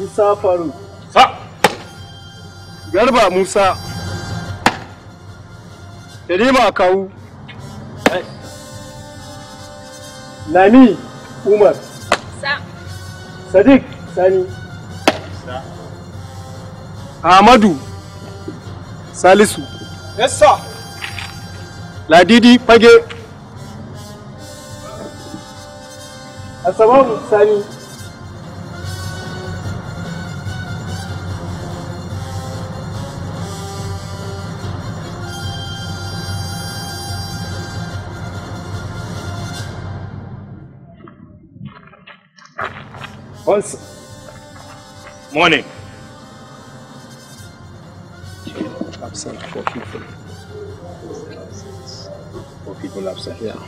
musa Faru. Sa. Garba Musa. Yarima Kawu. Nani Umar. Sa. Sadiq Sani. Sa. Ahmadu Salisu. Yes, sir. Ladidi Fage. Asababu Sani. Also, morning. Absent for people. For people absent. Yeah.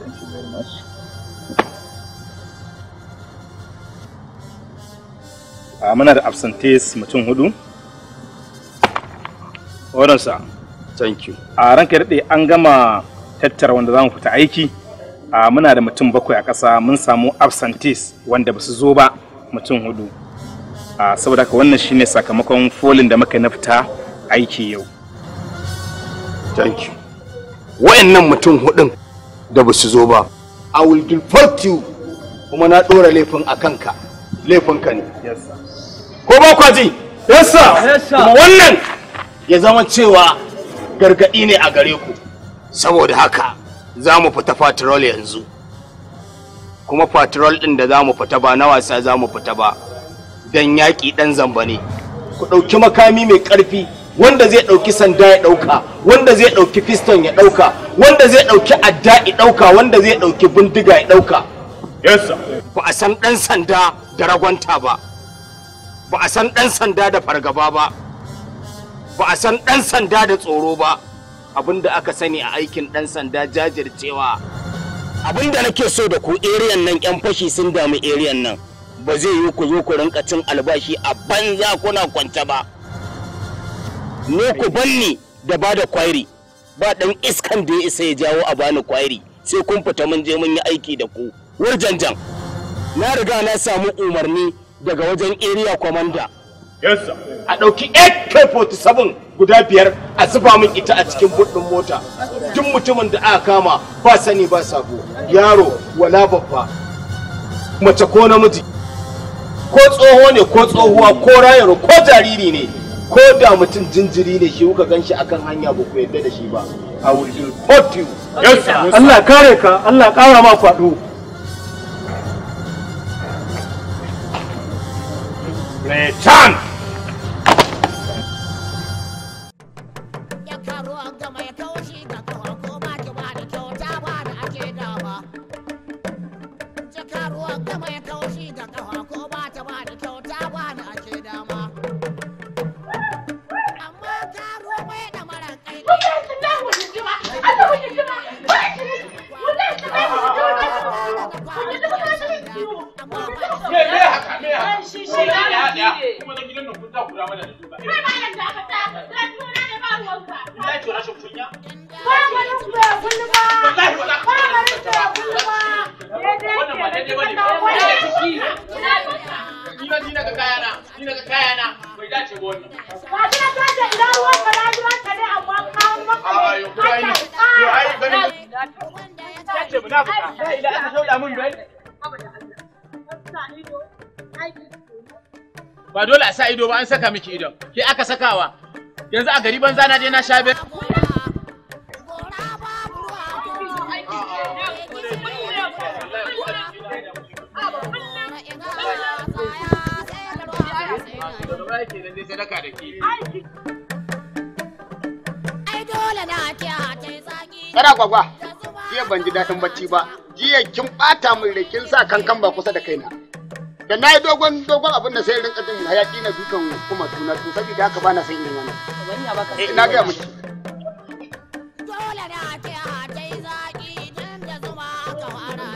Thank you very much. Uh, muna da absentees mutum hudu. Oransa. Thank you. A ah, ranka daɗe an gama tattara wanda za mu fita aiki. a muna da mutum bakwai a ƙasa mun samu absentees wanda ba su zo ba mutum hudu a saboda haka wannan shine sakamakon folin da muka nafita aiki yau thank you wayannan mutum hudun da ba su zo ba i will deport you kuma na dora laifin a kanka laifinka ne yes sir ko ba kwa ji yes sir kuma wannan ya zama cewa gargadi ne a gare ku saboda haka za mu fita patrol yanzu kuma patrol ɗin da za mu fita ba na wasa za mu fita ba don yaƙi ɗan zamba ne ku ɗauki makami mai ƙarfi wanda zai ɗauki sanda ya ɗauka wanda zai ɗauki fiston ya ɗauka wanda zai ɗauki adda ya ɗauka wanda zai ɗauki bindiga ya ɗauka ba a san ɗan sanda da ragwanta ba ba a san ɗan sanda da fargaba ba ba a san ɗan sanda da tsoro ba abin da aka sani a aikin ɗan sanda jajircewa abin da nake so da ku eriyan nan yan fashi sun damu eriyan nan ba zai yi ku zo ku rinka cin albashi a banza kuna kwance ba ne ku banni da ba da kwairi ba dan iskan da ya isa ya jawo a bani kwairi sai kun fita mun je mun yi aiki da ku wurjanjan na riga na samu umarni daga wajen area commander a ɗauki ak-47 guda biyar a zuba min ita a cikin buɗin mota duk mutumin da aka kama ba sani ba sabo yaro wala babba mace ko namiji ko tsoho ne ko tsohuwa ko rayaro ko jariri ne ko da mutum jinjiri ne shi kuka ganshi akan hanya ba ku yadda da shi ba a will Allah kare ka Allah kara ma faɗo. Return! Me me haka me haka. Shi shi ya Kuma na gidan nan kun za ku mana da duka. Kai malam da aka ta ne ba ruwanka. Ina ce rashin kunya. Ba wani kuya kullum ba. Wallahi wala. Ba wani kuya kullum ba. Wannan ba daidai Ina ji na ga kayana. Ni na ga kayana. ba dole a sa ido ba an saka miki idon ke aka sakawa yanzu a gari banza na je na sha Kada kwakwa, jiya ban ji daɗin bacci ba, jiya kin ɓata min da sa kankan ba kusa da kaina. da na yi dogon dogon abin da sai rinka jin hayaki na dukan kuma tuna to saboda haka ba eh, na san irin na ga miki yi zaki dan na ga abin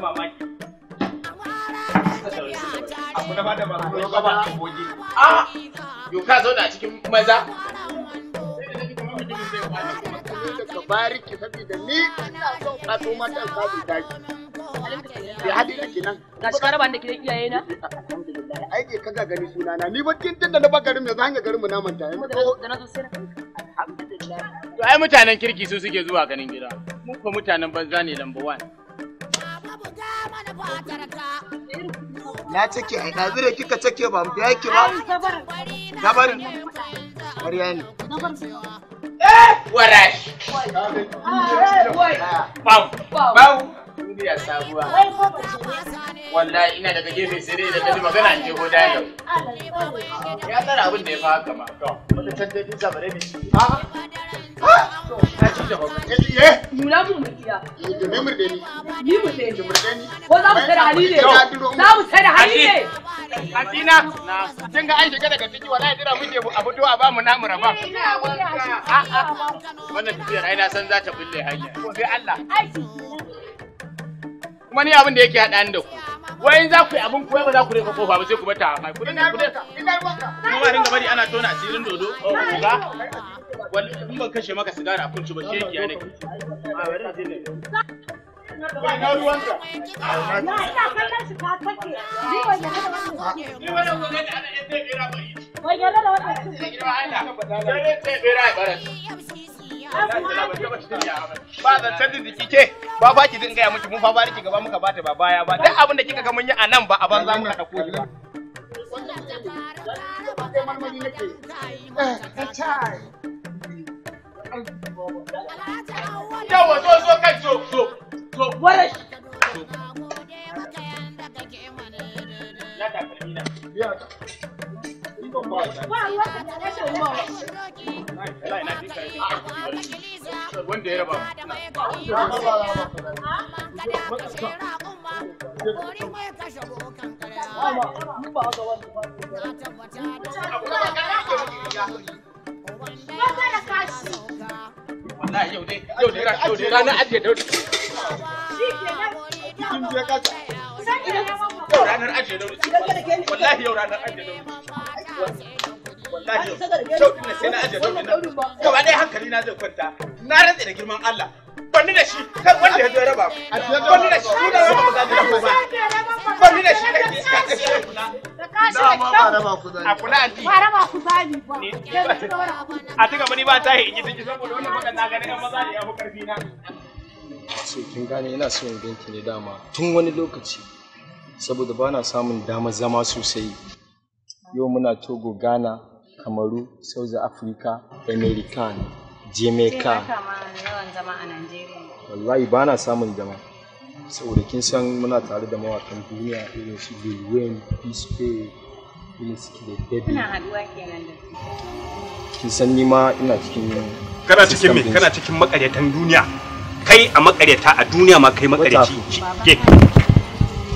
mamaki na a cikin maza, daga bariki saboda ni ina son kwato mata sabu daji bai haɗi da kenan ga da gidan iyaye na ai ke kaga gani suna na ni bakin tun na bakarin da zan ga garin mu na manta alhamdulillah to ai mutanen kirki su suke zuwa ganin gida Mun ko mutanen banza ne number 1 na cike a ɗazu kika cike ba mu fiye ki ba Gabar ƙarya ne Warash. Bau. Bau. Wallahi ina daga gefe sai dai daga ji magana in je ko dayo. Ya tsara abin da ya fa haka ma. To, wata ne. Ha? Ha? To, ci da Ya eh, eh. Nuna mu eh, Ni ni. ni. Ko za mu tsara hali ne? Za mu tsara hali ne. Asina, kin ga an shiga daga ciki wallahi jira muke a fito a bamu namu raba. A'a, wannan tafiyar ai na san za ta bulle hanya. Sai Allah. Kuma ni abin da yake haɗa da ku. Wai za ku yi abin kuwa ba za ku rufe kofa ba sai ku bata mai kudin ku dai. Kuma ringa bari ana tona asirin dodo. Oh, ga. Wallahi in ban kashe maka sigara a kunci ba shi yake yana. A bari ne. Wai ruwanka. Na ina kallon shi ka. ana da ba Ba ki zin gaya miki mun fa ba riki gaba muka bata ba baya ba duk abin da kika ga mun yi a nan ba a banza muka dauko ki ba. Yawa zo zo kai zo zo zo. Warashi. wanda ya raba wallahi yau dai shi ke nan yau ranar ajiye da wuce wallahi yau ranar ajiye da wuce wallahi yau shauɗin na sai na ajiye da wuce gaba ɗaya hankali na zai kwanta na rantse da girman Allah banni da shi kan wanda ya zo raba banni da shi da wanda ba za ta raba ba banni da shi da ke iska ta shi kula a kula anti ba a tuka mani ba ta yi in yi tuki saboda wannan baka na ganin maza ne ya fi karfi na so kin gane ina so in ganki ne dama tun wani lokaci saboda ba na samun dama zama sosai yau muna togo ghana kamaru south africa american jamaica wallahi ba na samun dama saboda kin san muna tare da mawakan duniya irin su lil wayne p irin su da baby kin san ni ma ina cikin kana cikin me kana cikin makaryatan duniya kai a makaryata a duniya ma kai makaryaci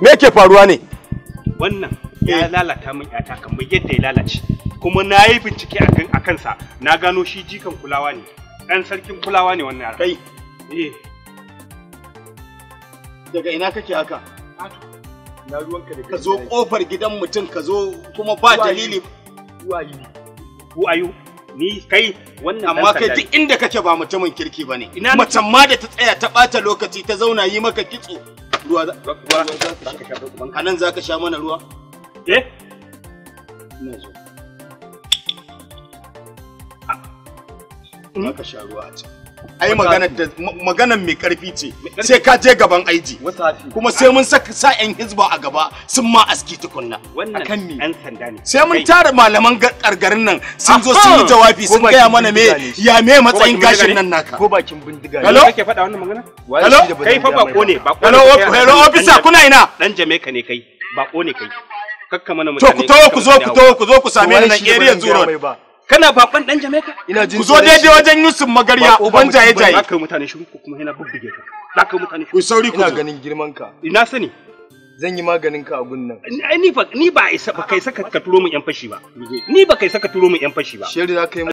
me yake faruwa ne wannan ya eh. lalata min yata kamar yadda ya lalace kuma na yi bincike a kansa na gano shi jikan kulawa ne ɗan sarkin kulawa ne wannan kai eh daga ina kake haka ka zo kofar gidan mutum ka zo kuma ba dalili who are ni kai wannan amma kai duk inda kake ba mutumin kirki bane ina ma da ta tsaya ta bata lokaci ta zauna yi maka kitso ruwa a nan za ka sha mana ruwa eh ina zo ah. za ka sha ruwa a can ai magana mai karfi ce sai ka je gaban aiji kuma sai mun saka sa yan hizba a gaba sun ma aski tukunna akan ni sai mun tara malaman gargarin nan sun zo sun yi jawabi sun gaya mana me ya me matsayin gashin nan naka ko bakin bindiga ne kake faɗa wannan magana hello kai fa ba ne bako hello hello officer kuna ina dan jamaica ne kai bako ne kai kakka mana mutane to ku to ku zo ku zo ku same ni nan area zuro kana baban dan Jamaica ina jin zo dai dai wajen Yusuf Magarya uban jaye jaye zaka mutane shi ku kuma yana bubbuge ka zaka mutane shiru ku sauri ku ganin girman ka ina sani zan yi maganin ka a gunnan ni ba ni ba kai saka ka turo mu yan fashi ba ni ba kai saka turo mu yan fashi ba sheri za kai